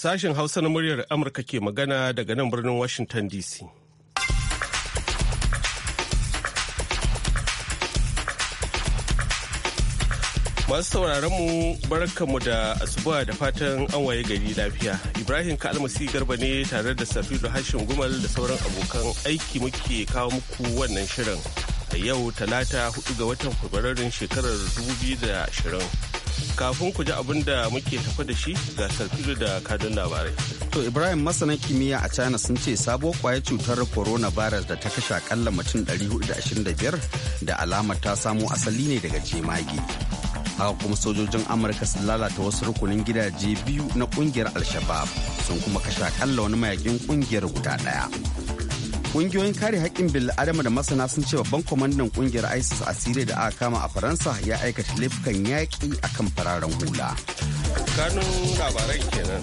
Sashen Hausa na muryar Amurka ke magana daga nan birnin Washington DC. Masu sauraron mu barkanmu da asuba da fatan an waye gari lafiya. Ibrahim Kalmasi Garba ne tare da Safiru Hashim Gumal da sauran abokan aiki muke kawo muku wannan shirin. A yau talata hudu ga watan Fabrairun shekarar 2020. kafin ku ji abin da muke tafe da shi ga sarfilo da kadun labarai. To Ibrahim masanan kimiyya a China sun ce sabuwar kwayar cutar coronavirus da ta kashe akalla mutum 425 da alamar ta samo asali ne daga jemage. Haka kuma sojojin Amurka sun lalata wasu rukunin gidaje biyu na kungiyar al sun kuma kashe akalla wani mayakin kungiyar guda ɗaya. Ƙungiyoyin kare haƙƙin bil'adama da masana sun ce babban kwamandan ƙungiyar ISIS a Siriya da aka kama a Faransa ya aikata laifukan yaƙi akan fararen hula. Kanun labaran kenan.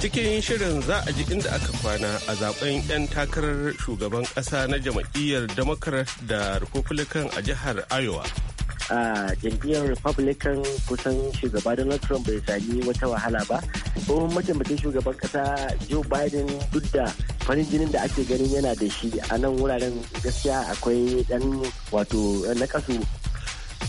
Cikin shirin za a ji inda aka kwana a zaben 'yan takarar shugaban ƙasa na jam'iyyar Democrat da Republican a jihar Iowa. a jam'iyyar republican kusan shugaba donald trump bai sami wata wahala ba tsohon mataimakin shugaban kasa joe biden duk da farin jinin da ake ganin yana da shi a nan wuraren gaskiya akwai dan wato na kasu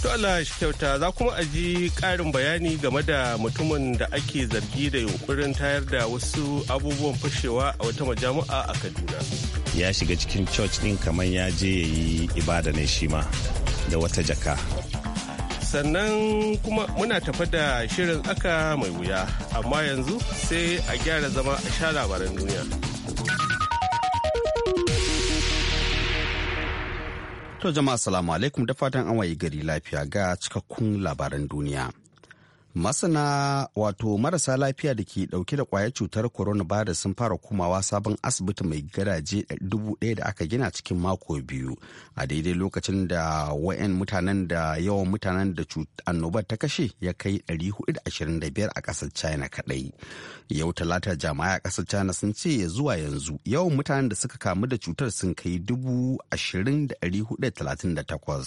To Allah shi kyauta za kuma a ji ƙarin bayani game da mutumin da ake zargi da yunkurin tayar da wasu abubuwan fashewa a wata majami'a a Kaduna. Ya shiga cikin church din kamar ya je ya yi ibada ne shi ma. da wata jaka sannan kuma muna tafa da shirin tsaka mai wuya amma yanzu sai a gyara zama a sha labaran duniya to jama'a salamu alaikum da fatan an waye gari lafiya ga cikakkun labaran duniya masana wato marasa lafiya da ke dauke da kwayar cutar coronavirus sun fara komawa sabon asibiti mai garaje dubu ɗaya da aka gina cikin mako biyu a daidai lokacin da wayan mutanen da yawan mutanen da annobar ta kashe ya kai 425 a ƙasar china kaɗai yau talata jama'a a ƙasar china sun ce ya zuwa yanzu yawan mutanen da suka kamu da cutar sun kai 20,438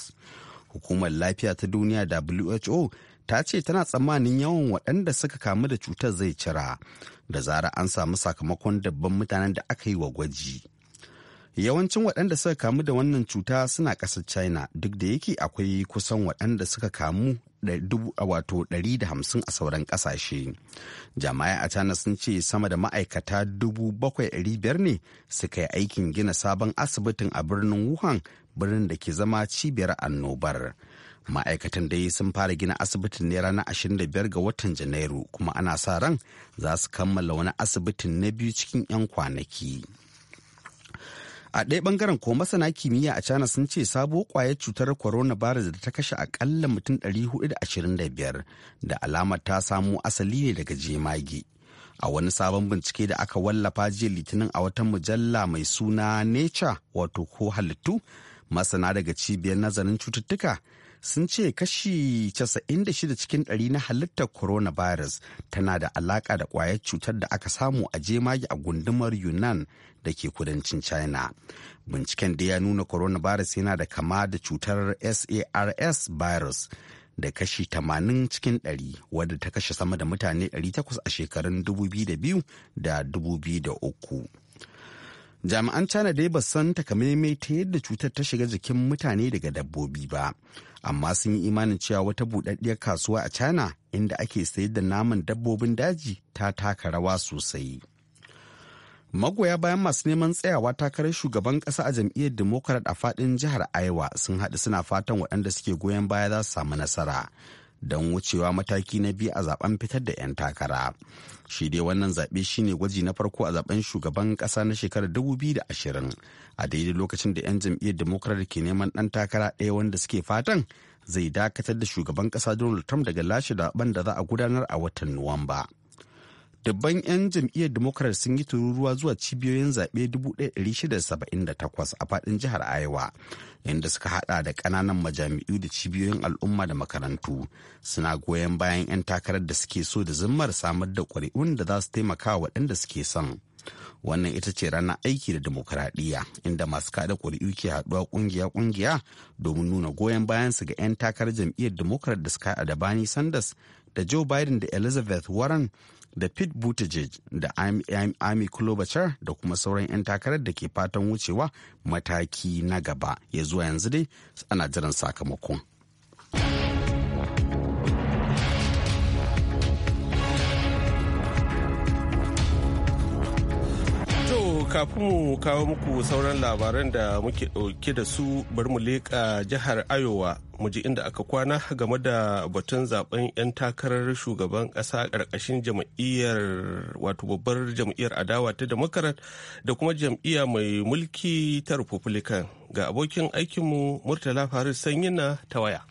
hukumar lafiya ta duniya who ta ce tana tsammanin yawan waɗanda suka kamu da cutar zai cira da zara an samu sakamakon dabban mutanen da aka yi wa gwaji yawancin waɗanda suka kamu da wannan cuta suna ƙasar china duk da yake akwai kusan waɗanda suka kamu wato 150 a sauran ƙasashe jama'a a china sun ce sama da ma'aikata 7,500 ne suka yi aikin gina sabon asibitin a birnin wuhan birnin da ke zama cibiyar annobar. ma'aikatan dai sun fara gina asibitin ne ranar 25 ga watan janairu kuma ana sa ran za su kammala wani asibitin na biyu cikin 'yan kwanaki a ɗaya bangaren ko masana kimiyya a china sun ce sabo kwayar cutar coronavirus da ta kashe akalla mutum 425 da alamar ta samo asali ne daga jemage a wani sabon bincike da aka wallafa jiya litinin a wata mujalla mai suna nature wato ko halittu masana daga cibiyar nazarin cututtuka sun ce kashi 96 cikin 100 na halittar coronavirus tana da alaƙa da kwayar cutar da aka samu a jemage a gundumar Yunnan da ke kudancin China. Binciken da ya nuna coronavirus yana da kama da cutar SARS virus da kashi 80 cikin 100 wadda ta kashe sama da mutane 800 a shekarun 2002 da 2003. jami'an china dai ba san takamaimai ta yadda cutar ta shiga jikin mutane daga dabbobi ba amma sun yi imanin cewa wata buɗaɗɗiyar kasuwa a china inda ake sayar da naman dabbobin daji ta taka rawa sosai magoya bayan masu neman tsayawa takarar shugaban ƙasa a jam'iyyar democrat a faɗin jihar iowa sun haɗu suna fatan waɗanda suke goyon baya za su samu nasara don wucewa mataki na biyu a zaben fitar da 'yan takara. Shi dai wannan zaɓe shine gwaji na farko a zaben shugaban ƙasa na shekarar 2020 a daidai lokacin da 'yan jam'iyyar Democrat ke neman ɗan takara ɗaya wanda suke fatan zai dakatar da shugaban ƙasa Donald Trump daga lashe zaben da za a gudanar a watan Nuwamba. dubban 'yan jam'iyyar democrat sun yi tururuwa zuwa cibiyoyin zaɓe 1678 a faɗin jihar iowa inda suka hada da ƙananan majami'u da cibiyoyin al'umma da makarantu suna goyon bayan 'yan takarar da suke so da zimmar samar da ƙuri'un da za su taimaka waɗanda suke son wannan ita ce ranar aiki da demokradiyya inda masu kada ƙuri'u ke haɗuwa ƙungiya-ƙungiya domin nuna goyon bayansu ga 'yan takarar jam'iyyar democrat da suka da bani sanders da joe biden da elizabeth warren da pete buttigieg da amy klobuchar da kuma sauran 'yan takarar da ke fatan wucewa mataki na gaba ya zuwa yanzu dai ana jiran sakamakon kafin mu kawo muku sauran labaran da muke dauke da su bari mu leƙa jihar Ayowa mu ji inda aka kwana game da batun zaben 'yan takarar shugaban ƙasa karkashin jam'iyyar wato babbar jam'iyyar adawa ta Democrat da kuma jam'iyya mai mulki ta Republican ga abokin aikinmu Murtala Faris Sanyina ta waya.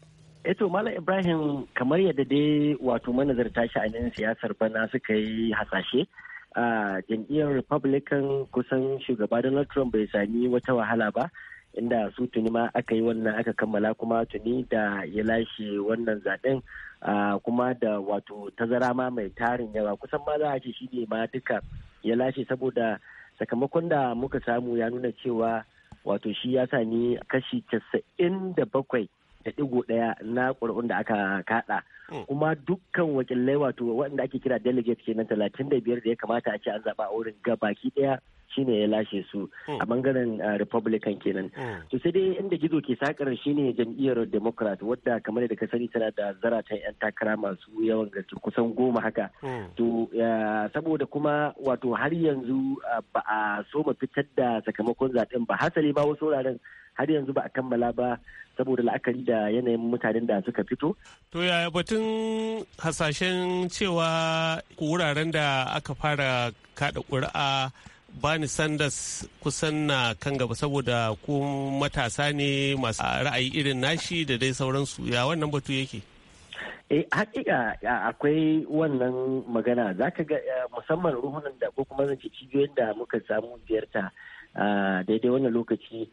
eto eh malam ibrahim kamar yadda dai wato manazarta sha'anin siyasar bana suka yi hasashe a jam'iyyar republican kusan shugaba donald trump bai sami wata wahala ba inda su tuni ma aka yi wannan aka kammala kuma tuni da ya lashe wannan zaɓen kuma da wato tazara ma mai tarin yawa kusan ma za a ce shi ne ma duka ya lashe saboda sakamakon da muka samu ya nuna cewa wato shi ya sami kashi casa'in da bakwai da ɗigo ɗaya na ƙuri'un da aka kaɗa hmm. kuma dukkan wakilai wato waɗanda ake kira delegate kenan talatin da biyar da ya kamata a ce an zaɓa a wurin baki ɗaya shine ya lashe su hmm. a bangaren uh, republican kenan hmm. to sai dai inda gizo ke sakar shine jam'iyyar democrat wadda kamar da ka sani tana da ta yan takara masu yawan gaske kusan goma haka to saboda kuma wato har yanzu uh, ba a soma fitar da sakamakon zaɓen ba hasali ba wasu wuraren har yanzu ba a kammala ba saboda la'akari da yanayin mutanen da suka fito. To ya batun hasashen cewa wuraren da aka fara kada ƙuri'a bani sanders kusan na kan gaba saboda ku matasa ne masu ra'ayi irin nashi da dai sauransu ya wannan batu yake eh hakika akwai wannan magana zaka ga eh, musamman ruhunan da ko kuma zance cibiyoyin da muka samu ziyarta daidai wannan lokaci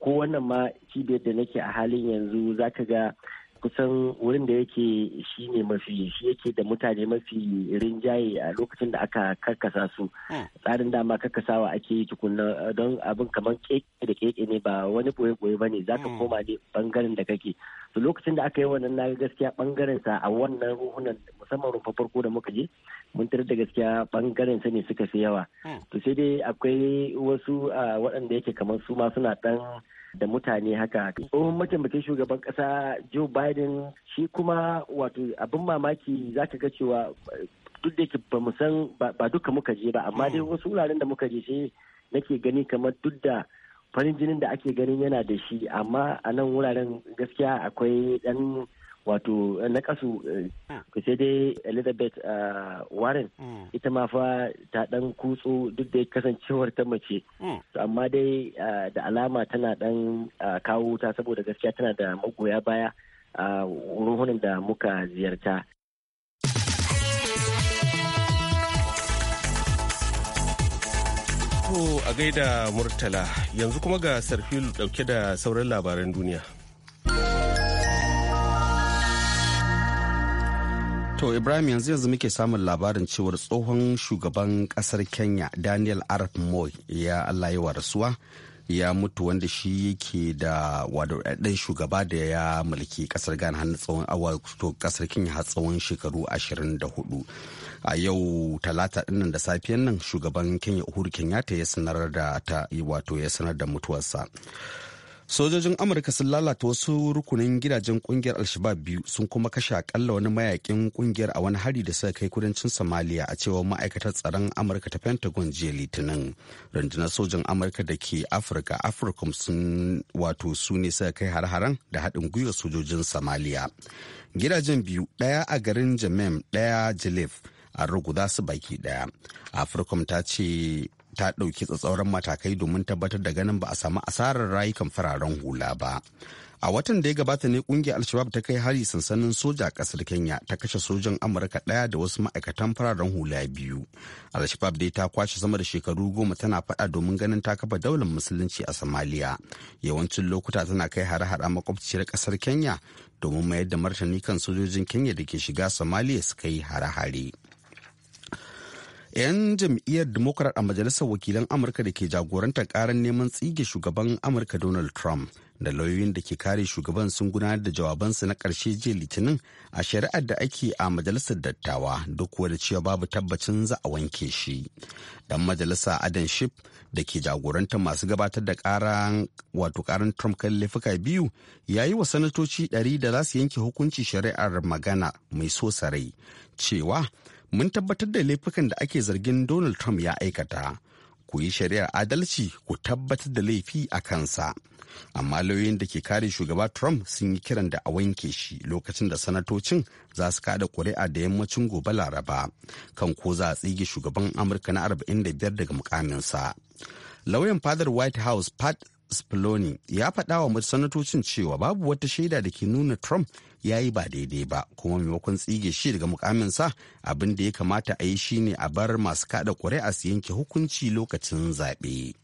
ko wannan ma cibiyar da nake a halin yanzu zaka ga kusan wurin da yake shi ne mafi shi yake da mutane mafi rinjaye a lokacin da aka karkasa su ah. tsarin dama karkasawa ake yi tukunna eh, don abin kamar keke da keke ne ba wani boye boye ba ne zaka hmm. koma ne bangaren da kake to lokacin da aka yi wannan na gaskiya bangaren sa a wannan ruhunan musamman rufa farko da muka je mun tarar da gaskiya bangaren sa ne suka fi yawa hmm. to sai dai akwai wasu ah, waɗanda yake kamar su ma suna dan da mutane haka tsohon mataimakin shugaban kasa joe biden shi kuma wato abin mamaki za ka ga cewa duk da yake ba san ba duka muka je ba amma dai hmm. wasu wuraren da muka je sai nake gani kamar duk da farin jinin da ake ganin yana da shi amma a nan wuraren gaskiya akwai dan wato eh, na kasu eh, ah. sai dai elizabeth ah, warren mm. ita ma fa ta dan kutso duk da kasancewar ta mace mm. amma dai ah, da alama tana dan kawo ta saboda gaskiya tana da magoya baya a ruhunan da muka ziyarta ko a gaida Murtala yanzu kuma ga Sarfilu dauke da sauran labaran duniya. To Ibrahim yanzu yanzu muke samun labarin cewar tsohon shugaban kasar Kenya Daniel Arap Moy ya Allah yi wa rasuwa ya mutu wanda shi yake da ɗan shugaba da ya mulki kasar Ghana hannu tsawon awa to kasar Kenya har tsawon shekaru 24. A yau talata dinnan da safiyan nan shugaban Kenya Uhuru Kenyatta ya sanar da ta wato ya sanar da mutuwarsa. sojojin amurka sun lalata wasu rukunin gidajen kungiyar alshabab biyu sun kuma kashe akalla wani mayakin kungiyar a wani hari da suka kai kudancin somalia a cewar ma'aikatar tsaron amurka ta pentagon jiya litinin rundunar sojan amurka da ke afirka afirkom sun wato su ne suka kai har-haren da haɗin gwiwa sojojin somalia gidajen biyu ɗaya a garin jamem ɗaya jalef a ruguza su baki ɗaya, afirkom ta ce ta ɗauki tsatsauran matakai domin tabbatar da ganin ba a samu asarar rayukan fararen hula ba. A watan da ya gabata ne kungiyar Alshabab ta kai hari sansanin soja a ƙasar Kenya ta kashe sojan Amurka ɗaya da wasu ma'aikatan fararen hula biyu. Alshabab dai ta kwashe sama da shekaru goma tana faɗa domin ganin ta kafa daular musulunci a Somalia. Yawancin lokuta tana kai hare-hare makwabciyar ƙasar Kenya domin mayar da martani kan sojojin Kenya da ke shiga Somalia suka yi hare-hare. 'yan jam'iyyar democrat a majalisar wakilan amurka da ke jagorantar karar neman tsige shugaban amurka donald trump da lauyoyin da ke kare shugaban sun gudanar da jawabansu na karshe jiya litinin a shari'ar da ake a majalisar dattawa duk wanda cewa babu tabbacin za a wanke shi dan majalisa adam shif da ke jagorantar masu gabatar da karan wato karan trump kan laifuka biyu ya yi wa sanatoci ɗari da za su yanke hukunci shari'ar magana mai so sarai cewa mun tabbatar da laifukan da ake zargin Donald Trump ya aikata. Ku yi shari'ar adalci ku tabbatar da laifi a kansa. Amma lauyoyin da ke kare shugaba Trump sun yi kiran da a wanke shi lokacin da sanatocin za su kada ƙuri'a da yammacin gobe Laraba kan ko za a tsige shugaban Amurka na 45 daga mukaminsa. Lauyan fadar White House Pat Spiloni ya faɗa wa sanatocin cewa babu wata shaida da ke nuna Trump ya yi ba daidai ba kuma maimakon tsige shi daga mukaminsa abin da ya kamata a yi shi ne a bar masu kada ƙuri'a su yanke hukunci lokacin zaɓe.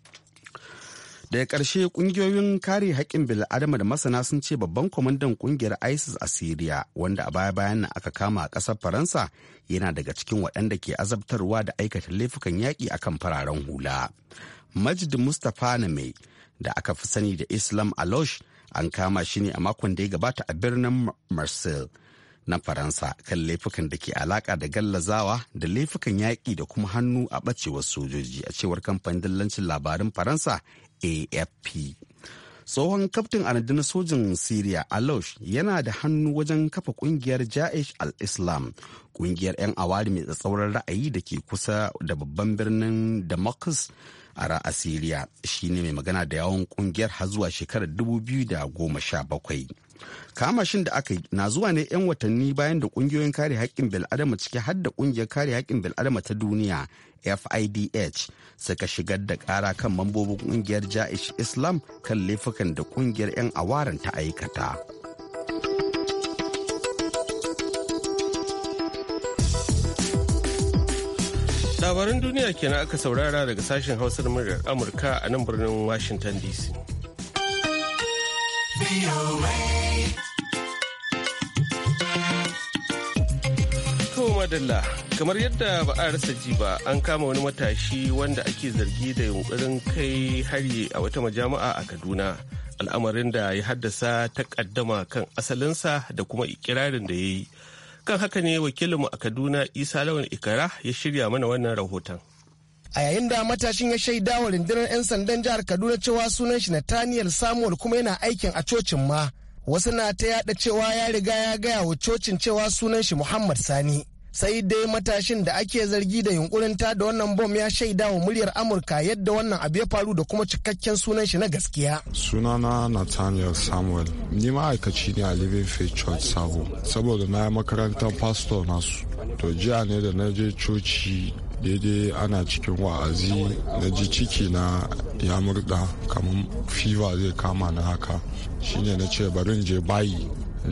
daga ƙarshe ƙungiyoyin kare haƙƙin bil'adama da masana sun ce babban kwamandan ƙungiyar isis a siriya wanda a baya bayan nan aka kama a ƙasar faransa yana daga cikin waɗanda ke azabtarwa da aikata laifukan yaƙi akan fararen hula majid mustapha na mai da aka fi sani da Islam Alosh an kama shi ne a makon da ya gabata a birnin Marseille na Faransa kan laifukan da ke alaka da gallazawa da laifukan yaƙi da kuma hannu a ɓacewar sojoji a cewar kamfanin dillancin labarin Faransa AFP. Tsohon kaftin anadin sojin Siriya Alosh yana da hannu wajen kafa kungiyar Ja'ish al-Islam, kungiyar 'yan awari mai tsatsauran ra'ayi da ke kusa da babban birnin Damascus ara asiriya shi ne mai magana da yawon kungiyar har zuwa shekarar 2017 kamashin da aka yi na zuwa ne 'yan watanni bayan da kungiyoyin kare haƙƙin bil'adama ciki har da kungiyar kare haƙƙin bil'adama ta duniya fidh suka shigar da ƙara kan mambobin kungiyar ja'ish islam kan laifukan da kungiyar 'yan awaran ta aikata labaran duniya kenan aka saurara daga sashen hausar muryar amurka a nan birnin washington dc madalla kamar yadda ba a rasa ji ba an kama wani matashi wanda ake zargi da yunkurin kai hari a wata majama'a a kaduna al'amarin da ya haddasa takaddama kan asalinsa da kuma ikirarin da ya yi kan haka ne wakilinmu a kaduna isa lawan ikara ya shirya mana wannan rahoton a yayin da matashin ya shaida wa rundunar 'yan sandan jihar kaduna cewa sunan shi nathaniel samuel kuma yana aikin a cocin ma wasu na ta yada cewa ya riga ya gaya wa cocin cewa sunan shi muhammad sani sai dai matashin da ake zargi da yunkurin ta da wannan bom ya shaida wa muryar amurka yadda wannan abu ya faru da kuma cikakken sunan shi na gaskiya sunana nathaniel samuel ni ma'aikaci ne a living faith church sabo saboda na makarantar pastor nasu to jiya ne da na je coci daidai ana cikin wa'azi na ji ciki na ya murda kamar fiva zai kama na haka shine na ce barin je bayi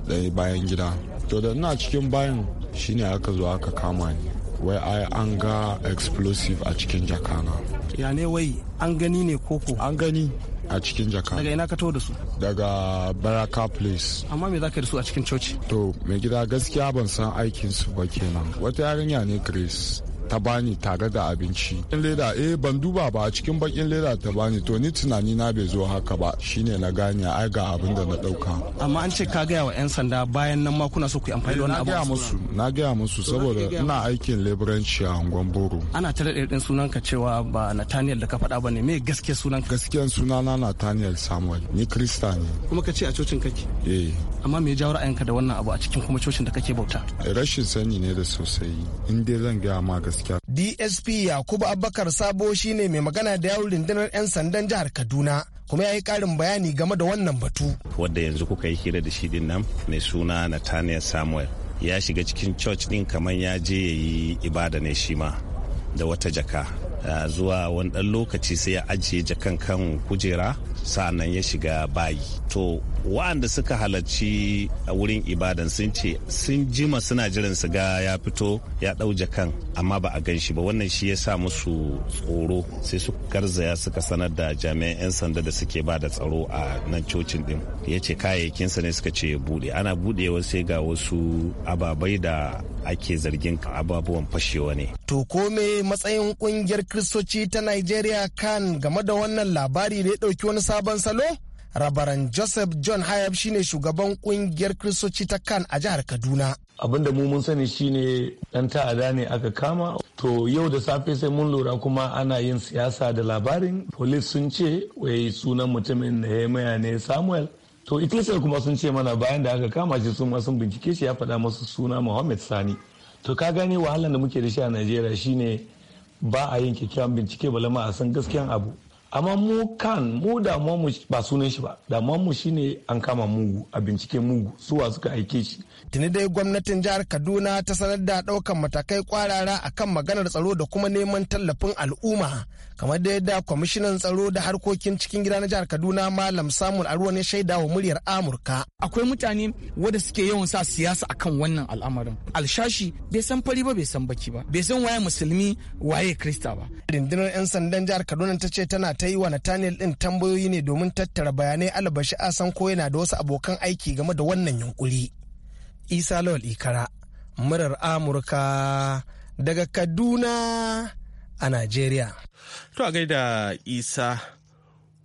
ɗaya bayan gida to da ina cikin bayan shine aka zo aka kama ni wai ai an ga explosive a cikin jakana ya ne wai an gani ne koko an gani a cikin jaka daga ina ka da su daga baraka place amma me zaka da su a cikin coci to mai gida gaskiya ban san aikin su ba kenan wata yarinya ne chris ta bani tare da abinci leda eh ban duba ba a cikin bakin leda ta bani to ni tunani na bai zo haka ba shine na gane ai ga abin da na dauka amma an ce ka gaya wa yan sanda bayan nan ma kuna so ku yi amfani da wannan abu eh, na gaya musu na gaya musu saboda ina aikin leburanci a unguwan boro ana ta daɗe sunan sunanka cewa ba nathaniel da ka faɗa ba ne me gaskiya sunanka gaskiyan sunana nathaniel samuel ni krista ne kuma ka ce a cocin kake eh amma me ya jawo ra'ayinka da wannan abu a cikin kuma cocin da kake bauta eh, rashin sani ne da sosai in dai zan gaya ma gaskiya gaskiya. DSP Yakubu Abubakar Sabo shine mai magana da yawun rundunar 'yan sandan jihar Kaduna kuma ya yi ƙarin bayani game da wannan batu. Wadda yanzu kuka yi hira da shi din nan mai suna Nathaniel Samuel ya shiga cikin church din kamar ya je ya yi ibada ne shi ma da wata jaka. Ah, zuwa wani ɗan lokaci sai ya ajiye jakan kan kujera sa'annan ya shiga bayi to wa'anda suka halarci a wurin ibadan sun ce sun jima suna jiran su ga ya fito ya ɗau jakan amma ba a gan shi ba wannan shi ya sa musu tsoro sai su garzaya suka sanar da jami'an 'yan sanda da suke ba da tsaro a nan cocin din ya ce kayayyakinsa ne suka ce buɗe ana buɗewa sai ga wasu ababai da ake zargin ababuwan fashewa ne. To kome matsayin kungiyar kristoci ta Nigeria kan game da wannan labari da ya ɗauki wani sabon salo? rabaran joseph john hayab shine shugaban kungiyar kristoci ta kan a jihar kaduna abinda mu mun sani shine dan ta'ada ne aka kama to yau da safe sai mun lura kuma ana yin siyasa da labarin police sun ce wai sunan mutumin da ya ne samuel to ikkilisiyar kuma sun ce mana bayan da aka kama shi sun sun bincike shi ya faɗa masu suna mohammed sani to ka gane wahalar da muke da shi a najeriya shine ba a yin kyakkyawan bincike balama a san gaskiyan abu amma mu kan mu damuwa mu ba sunan shi ba damuwa mu shine an kama mugu a bincike mugu suwa suka aike shi tuni dai gwamnatin jihar kaduna ta sanar da daukan matakai kwarara akan maganar tsaro da kuma neman tallafin al'umma kamar da yadda kwamishinan tsaro da harkokin cikin gida na jihar kaduna malam samun aruwa ne shaida wa muryar amurka akwai mutane wanda suke yawan sa siyasa akan wannan al'amarin alshashi bai san fari ba bai san baki ba bai san waye musulmi waye krista ba rundunar yan sandan jihar kaduna ta ce tana ta yi wa nathaniel din tambayoyi ne domin tattara bayanai albashi a san ko yana da wasu abokan aiki game da wannan yunkuri isa lawal ikara murar amurka daga kaduna a Najeriya. To a gaida Isa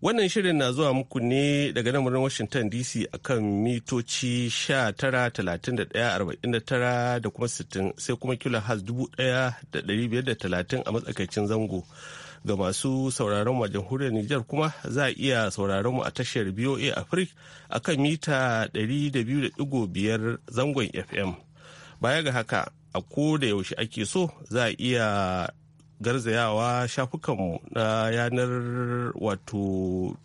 Wannan shirin na zuwa muku ne daga nan Washington DC akan mitoci 19,31,49 da kuma 60 sai kuma kilo has 1,530 a matsakaicin zango. Ga masu sauraron mu a jamhuriyar Nijar kuma za a iya sauraron mu a tashar BOA Africa akan mita 200.5 zangon FM. Baya ga haka a ko da yaushe ake so za a iya garzayawa shafukanmu uh, na yanar wato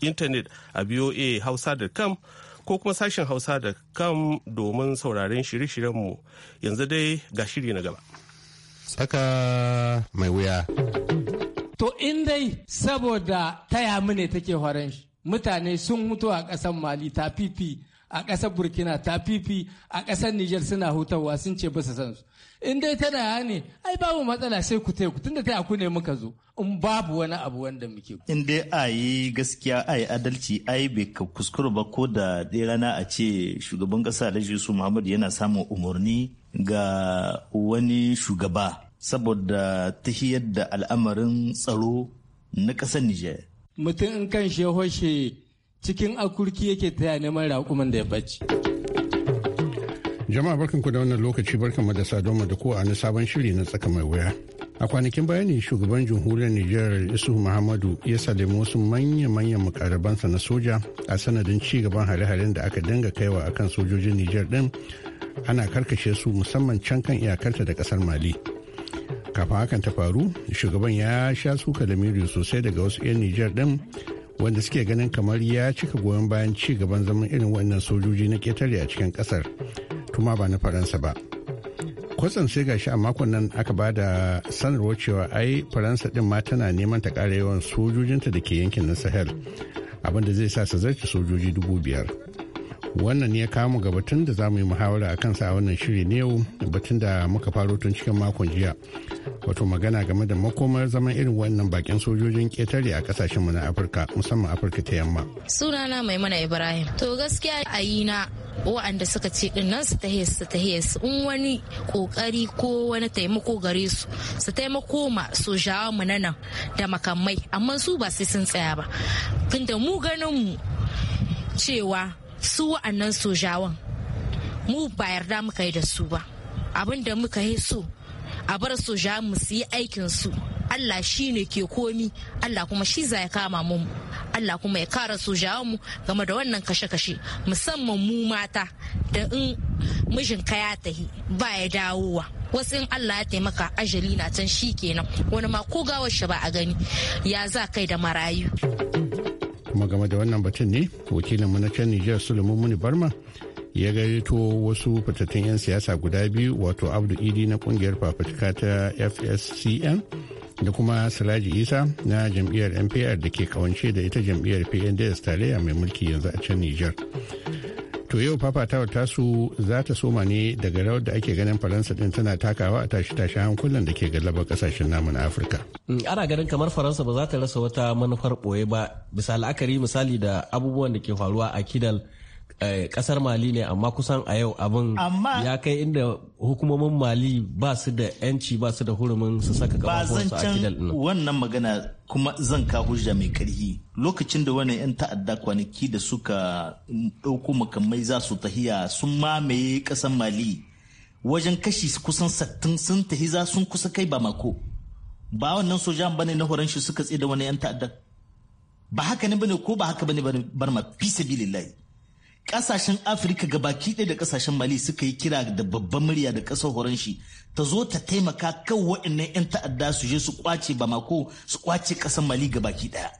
intanet a voa hausa.com ko kuma sashen hausa.com domin sauraren shirye-shiryenmu yanzu dai ga shiri na gaba. Tsaka mai wuya. To in dai saboda taya mune take horon shi mutane sun mutu a ƙasar Mali ta fifi a ƙasar burkina ta fifi a ƙasar niger suna hutawa sun ce ba su san su in dai tana ya ne ai babu matsala sai ku taiku tunda ta ku ne muka zo in babu wani abu wanda muke in dai a yi gaskiya a yi adalci ai bai ka kuskura ba ko da ɗaya rana a ce shugaban ƙasa alhaji yusuf muhammadu yana samun umarni ga wani shugaba saboda tahiyar da al'amarin tsaro na ƙasar niger mutum in kan shehoshe. cikin akurki yake taya neman raƙuman da ya bacci. jama'a barkanku da wannan lokaci barkanmu da sadonmu da kowa na sabon shiri na tsaka mai wuya a kwanakin baya shugaban jamhuriyar nijar isu muhammadu ya salimi wasu manya-manyan mukarabansa na soja a sanadin ci gaban hare-haren da aka dinga kaiwa akan sojojin nijar din ana karkashe su musamman can kan iyakarta da kasar mali kafin hakan ta faru shugaban ya sha suka lamiri sosai daga wasu 'yan nijar din wanda suke ganin kamar ya cika goyon bayan ci gaban zaman irin wannan sojoji na ketare a cikin kasar tuma ba na faransa ba kwatsam sai gashi a makon nan aka ba da sanarwar cewa ai faransa din ma tana neman ta kara yawan sojojinta da ke yankin na sahel abinda zai sa su zarce sojoji dubu biyar wannan ne ya kamu ga batun da za mu yi muhawara a kansa a wannan shiri ne yau batun da muka faro tun cikin makon jiya wato magana game da makomar zaman irin wannan bakin sojojin ketare a kasashen mu na afirka musamman afirka ta yamma sunana maimuna ibrahim to gaskiya a yi na wa'anda suka ce din nan su ta su ta su in wani kokari ko wani taimako gare su su taimako ma sojawa mu nan da makamai amma su ba sai sun tsaya ba tunda mu ganin mu cewa su wa'annan sojawan mu ba yarda muka yi da su ba abin da muka yi so a bar su ja mu su yi aikin su Allah shi ne ke komi Allah kuma shi za ya kama mu Allah kuma ya kara su mu game da wannan kashe-kashe musamman mu mata da in mijin ka ya tahi ba ya dawowa wasu in Allah ya taimaka ajali na can shi kenan wani ma ko gawar shi ba a gani ya za kai da marayu. kuma game da wannan batun ne wakilin mu na can Nijar Sulaiman Muni Barma ya gayyato wasu fitattun 'yan siyasa guda biyu wato abdu idi na kungiyar fafutuka ta fscn da kuma salaji isa na jam'iyyar npr da ke kawance da ita jam'iyyar pnds tarayya mai mulki yanzu a can niger to yau fafatawar tasu za ta soma ne daga rawar da ake ganin faransa din tana takawa a tashi tashi hankulan da ke galabar kasashen namun afirka mm, ana ganin kamar faransa ba za ta rasa wata manufar boye ba bisa la'akari misali da abubuwan da ke faruwa a kidal Eh, kasar mali ne amma kusan a yau abin ya kai inda hukumomin mali ba su da yanci ba su da hurumin su saka su a kidal ɗin wannan magana kuma zan ka hujja mai karhi lokacin da wani 'yan ta'adda kwanaki da suka ɗauko makamai za su tahiya sun mamaye kasar mali wajen kashi kusan sattin sun tahi za sun kusa kai ba mako ba wannan sojan bane na horon shi suka tsaye da wani 'yan ta'adda ba haka ne bane ko ba haka bane ma fi sabilillahi kasashen afirka ga baki ɗaya da kasashen mali suka yi kira da babban murya da ƙasar horon shi ta zo ta taimaka kan waɗannan 'yan ta'adda su je su kwace bamako su kwace ƙasar mali ga baki ɗaya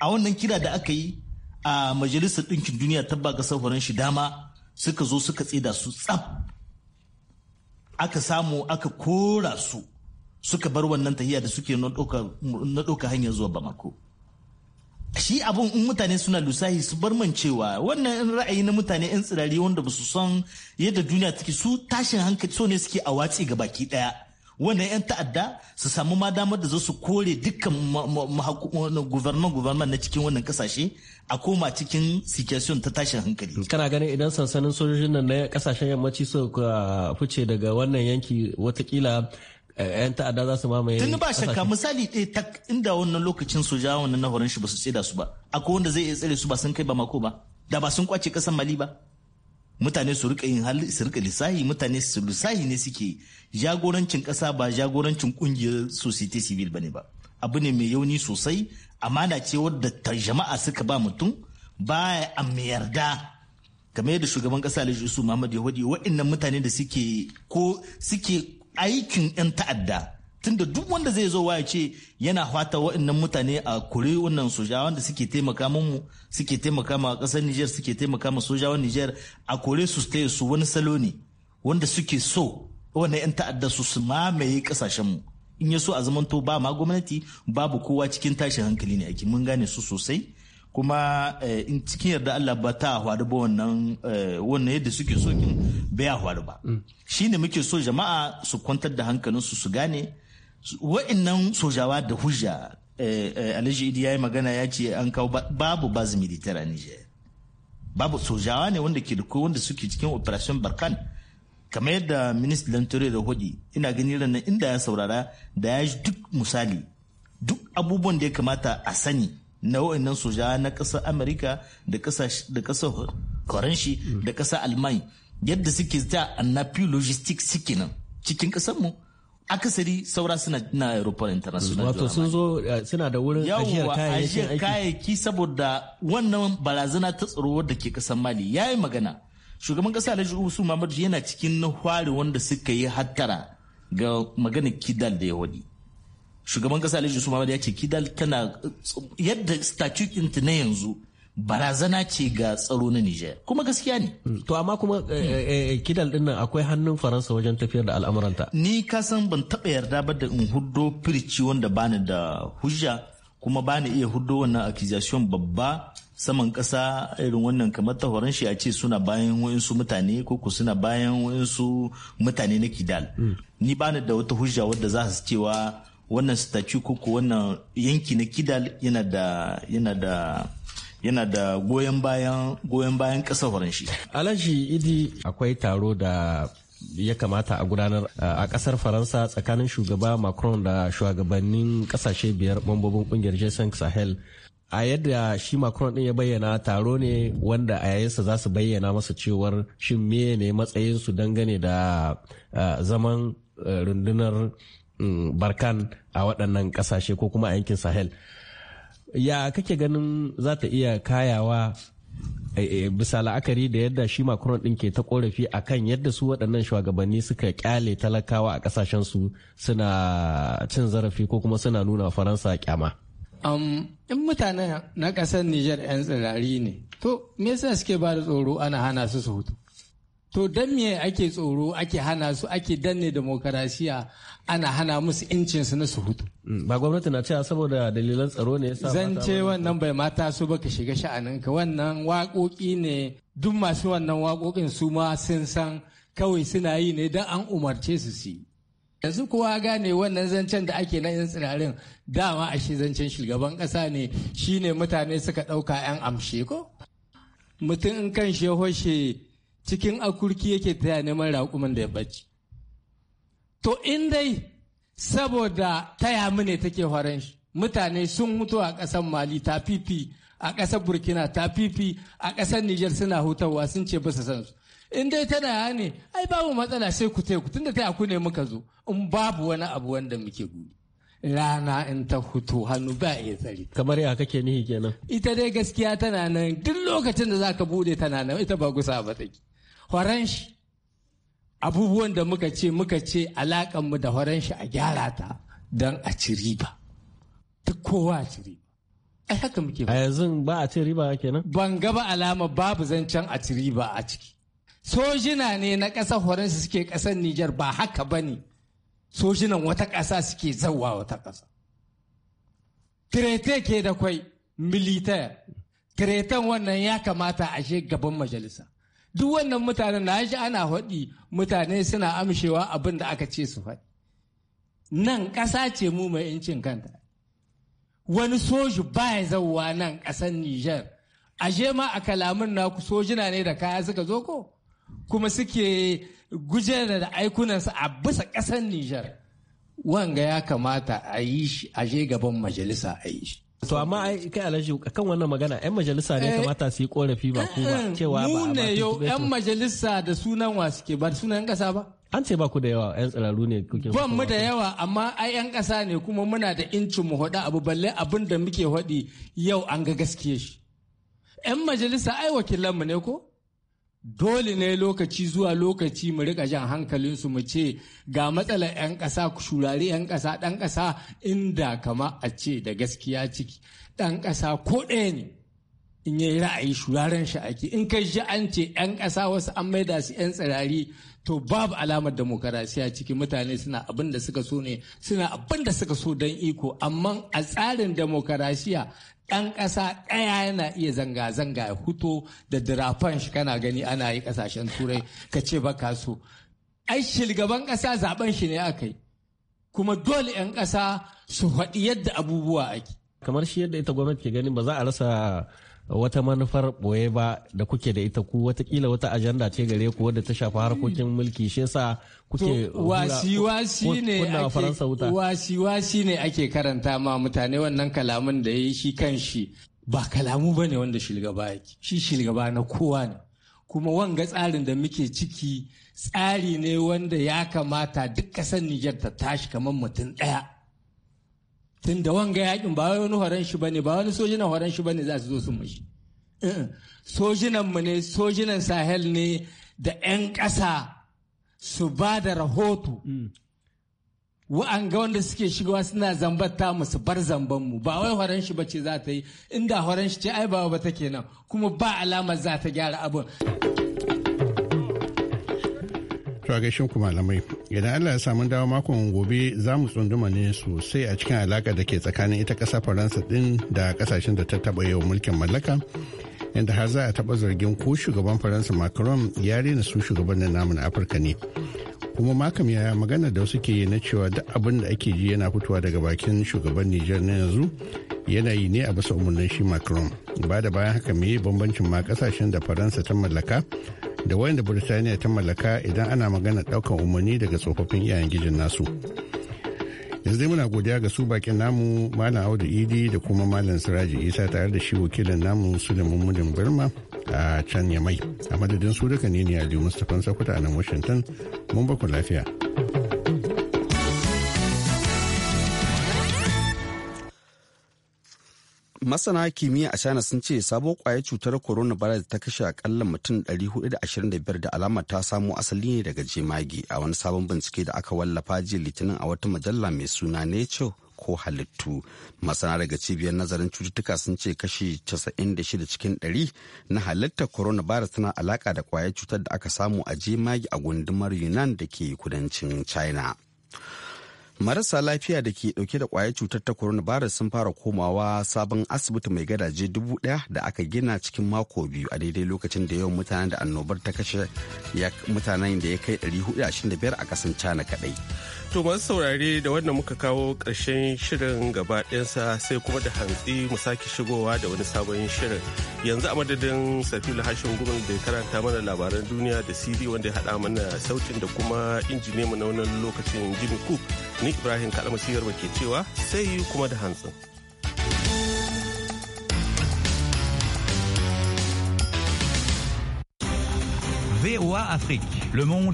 a wannan kira da aka yi a majalisar ɗinkin duniya ta ba ƙasar horon shi dama suka zo suka tsida su tsaf aka samu aka kora su suka bar wannan tahiya da suke na ɗauka hanyar zuwa bamako shi abun in mutane suna lusahi su bar man cewa wannan in ra'ayi na mutane yan tsirari wanda ba su san yadda duniya take su tashin hankali so ne suke a watsi ga baki daya wannan yan ta'adda su samu ma damar da za su kore dukkan guvernan guvernan na cikin wannan kasashe a koma cikin situation ta tashin hankali kana ganin idan sansanin sojojin nan na kasashen yammaci suka fice daga wannan yanki watakila 'yan eh, ta'adda za su mamaye tun ba shakka misali ɗaya tak inda wannan lokacin su ja wannan nahorin shi ba su tsira su ba akwai wanda zai iya tsare su ba sun kai mako ba da ba sun kwace kasan mali ba mutane su rika yin hali su rika lissahi mutane su lissahi ne suke jagorancin kasa ba jagorancin kungiyar society civil ne ba abu ne mai yauni sosai amana ce wadda ta jama'a suka ba mutum ba a yarda kamar yadda shugaban kasa Alhaji Usman Muhammad Yahudi waɗannan mutane da suke ko suke aikin 'yan ta'adda tunda duk wanda zai zo ya ce yana fata waɗannan mutane a kuri wannan sojawan wanda suke taimaka mu suke taimaka ma ƙasar Nijar suke taimaka ma sojawan Nijar a kore su taya su wani salo ne wanda suke so wani 'yan ta'adda su su mamaye ƙasashen mu in ya so a zamanto ba ma gwamnati babu kowa cikin tashin hankali ne aiki mun gane su sosai kuma eh, in cikin yarda Allah ba ta hwadu ba wannan eh, wannan yadda suke so kin bai hwadu ba mm. shine muke so jama'a su kwantar da hankalinsu su gane wa'annan sojawa da hujja eh, Alhaji Idi ya yi magana ya ce an kawo babu bazi militar a Niger babu sojawa ne wanda ke da wanda suke cikin operation Barkan kamar yadda minista lantore da hodi ina gani ran inda ya saurara da ya duk misali duk abubuwan da ya kamata a sani na wa'annan soja na ƙasar amerika da ƙasar faranshi da ƙasar alman yadda suke ta annapi logistics suke nan cikin mu akasari saura suna na aeroport international wato sun zo eh, suna da wurin ajiyar kayayyaki saboda wannan barazana ta tsaro wadda ke ƙasar mali ya yi magana shugaban ƙasa alhaji usman mamadu yana cikin na wanda suka yi hattara ga maganar kidal da yahudi shugaban kasa alhaji usman ya ce kidal tana yadda statutin ta na yanzu barazana ce ga tsaro na Nijar kuma gaskiya ne. Hmm. To amma kuma eh, eh, eh, kidal din nan akwai hannun Faransa wajen tafiyar da al'amuranta. Ni ka san ban taɓa yarda ba da in huddo firci wanda bani da hujja kuma bani iya huddo wannan accusation babba saman kasa irin wannan kamar ta horon shi a ce suna bayan wa'insu mutane ko ku suna bayan su mutane na kidal. Hmm. Ni bani da wata hujja wadda za su cewa wannan statue ko wannan yanki na kidal yana da yana da yana da goyon bayan goyon bayan ƙasa shi. Alhaji Idi akwai taro da ya kamata a gudanar a kasar faransa tsakanin shugaba macron da shugabannin kasashe biyar mambobin kungiyar jason sahel a yadda shi macron din ya bayyana taro ne wanda a yayinsa za su bayyana masa cewar shin meye ne matsayinsu dangane da zaman rundunar Mm, barkan a waɗannan ƙasashe ko kuma a yankin sahel ya kake ganin za ta iya kayawa eh, eh, bisa la'akari da yadda shi macron ɗin ke ta korafi a kan yadda su waɗannan shugabanni suka kyale talakawa a ƙasashensu suna cin zarafi ko kuma suna nuna faransa kyama in mutane na ƙasar nijar 'yan tsirari ne to me yasa suke ba da tsoro ana hana su su hutu To don me ake tsoro ake hana su ake danne demokarasiya ana hana musu incinsu na su hutu. Mm, ba gwamnati na cewa saboda dalilan tsaro ne yasa Zan ce wannan bai mata su baka shiga sha'aninka wannan waƙoƙi ne duk masu wannan wakokin su ma sun san kawai suna yi ne don an umarce su su yanzu kowa gane wannan zancen da ake na yan tsirarin dama a shi zancen shugaban kasa ne shine mutane suka ɗauka yan amshe ko mutum in kan shi cikin akurki yake taya neman raƙumin da ya ɓaci to in dai saboda taya mune take horon shi mutane sun mutu a ƙasar mali ta fifi a ƙasar burkina ta fifi a ƙasar niger suna hutawa sun ce ba su san su in dai tana ne ai babu matsala sai ku ku tunda taya ku ne muka zo in babu wani abu wanda muke gudu rana in ta hutu hannu ba iya tsari kamar ya kake nihi kenan ita dai gaskiya tana nan duk lokacin da za ka bude tana nan ita ba gusa ba take horon shi abubuwan da muka ce muka ce alaƙanmu da horon shi a gyara ta don a ci riba duk kowa a ci riba a haka muke ba. a yanzu ba a ci riba kenan ban gaba alama babu zancen a ci riba a ciki sojina ne na ƙasar horonsu suke ƙasar Nijar ba haka ba ne sojinan wata ƙasa suke zauwa wata ƙasa. Kirete ke da kwai militar, kiretan wannan ya kamata a gaban majalisa. duk wannan mutanen na shi ana haɗi mutane suna amshewa abin da aka ce su faɗi nan ƙasa ce mu mai 'yancin kanta wani soji baya zauwa nan ƙasar Nijar ashe ma a kalamin naku sojina ne da kaya suka zo ko kuma suke gujera da aikunansa a bisa ƙasar Nijar wanga ya kamata a yi shi je gaban majalisa a yi shi To amma ai kai Alhaji kan wannan magana ƴan majalisa ne eh. kamata su yi korafi ba ku ba eh, eh. cewa ba mu ne yau ƴan majalisa da sunan wa suke ba sunan ƙasa ba An ce ba ku da yawa ƴan tsararru ne kuke Ban mu da yawa amma ai ƴan ƙasa ne kuma muna da incin mu hoda abu balle abin da muke hodi yau an ga gaskiye shi. Ƴan majalisa ai wakilan mu ne ko? dole ne lokaci zuwa lokaci mu rika jan hankalinsu mu ce ga matsala 'yan ƙasa ku shurari 'yan ƙasa ɗan ƙasa inda kama a ce da gaskiya ciki ɗan ƙasa ko ɗaya ne in yi ra'ayi shuraren shi ake in kai ji an ce 'yan ƙasa wasu an maida su 'yan tsirari to babu alamar demokarasiya ciki mutane suna abin da suka so ne suna abin da suka so don iko amma a tsarin demokarasiya ɗan ƙasa ɗaya yana iya zanga-zanga ya fito da dirafan shi kana gani ana yi ƙasashen turai ka ce baka so ai shugaban ƙasa zaben shi ne aka yi kuma dole 'yan ƙasa su faɗi yadda abubuwa ake kamar shi yadda ita gwamnati ke gani ba za a rasa wata manufar boye ba da kuke da ita ku watakila wata ajanda ce gare ku wadda ta shafi harkokin mulki shi yasa kuke washi-washi ne ake karanta ma mutane wannan kalamin da ya yi shi kan shi ba kalamu ba ne wanda shilgaba yake shi shilgaba na kowa ne kuma wanga tsarin da muke ciki tsari ne wanda ya kamata duk ƙasar Nijar ta tashi kamar mutum ɗaya tun da wanga yakin ba wani horon shi bane ba wani sojinan horon shi bane za su zo su mashi eh, sojinan mu ne sojinan sahel ne da 'yan ƙasa su ba da rahoto mm. wa'anga wanda suke shigowa suna zambatta musu bar zamban mu ba wai horon shi bace za ta yi inda horon shi ce ai ba ba ta kenan kuma ba alama za ta gyara abin To a gaishen ku malamai. Idan Allah ya samu dawo makon gobe za mu tsunduma ne sosai a cikin alaka da ke tsakanin ita ƙasa Faransa din da ƙasashen da ta taɓa yau mulkin mallaka. Inda har za a taɓa zargin ko shugaban Faransa Macron ya rena su shugabannin namu na Afirka ne. kuma makam yaya magana da wasu ke na cewa duk abin da ake ji yana fitowa daga bakin shugaban Nijar na yanzu yanayi ne a bisa umarnin shi Macron. Ba da bayan haka me bambancin ma kasashen da Faransa ta mallaka da wanda burtaniya ta mallaka idan ana magana daukan umarni daga tsofaffin iyayen gijin nasu yanzu dai muna godiya ga su bakin namu malam audu idi da kuma malam siraji isa tare da shi wakilin namu suleiman mudin birma a can yamai a madadin su duka ne ne aliyu mustapha sakuta a nan washington mun baku lafiya masana kimiyya a china sun ce sabo kwayar cutar coronavirus ta kashe akalla mutum 425 da alama ta samu asali ne daga jemage a wani sabon bincike da aka wallafa jiya litinin a wata mujalla mai suna nature ko halittu masana daga cibiyar nazarin cututtuka sun ce kashi 96 cikin 100 na halittar coronavirus tana alaka da kwayar cutar da aka samu a jemage a gundumar yunan da ke kudancin china marasa lafiya da ke dauke da kwayar cutar ta bara sun fara komawa sabon asibiti mai gadaje dubu daya da aka gina cikin mako biyu a daidai lokacin da yawan mutanen da annobar ta kashe mutanen da ya kai 425 a kasan cana kadai To masu saurare da wannan muka kawo ƙarshen shirin gaba ɗayansa sai kuma da hantsi mu sake shigowa da wani sabon shirin. Yanzu a madadin Safila Hashin Gumin da ya karanta mana labaran duniya da CD wanda ya haɗa mana sautin da kuma injine mu na wannan lokacin Jimmy Cook ni Ibrahim Kalama Siyar ke cewa sai kuma da hantsin. VOA Afrique, le monde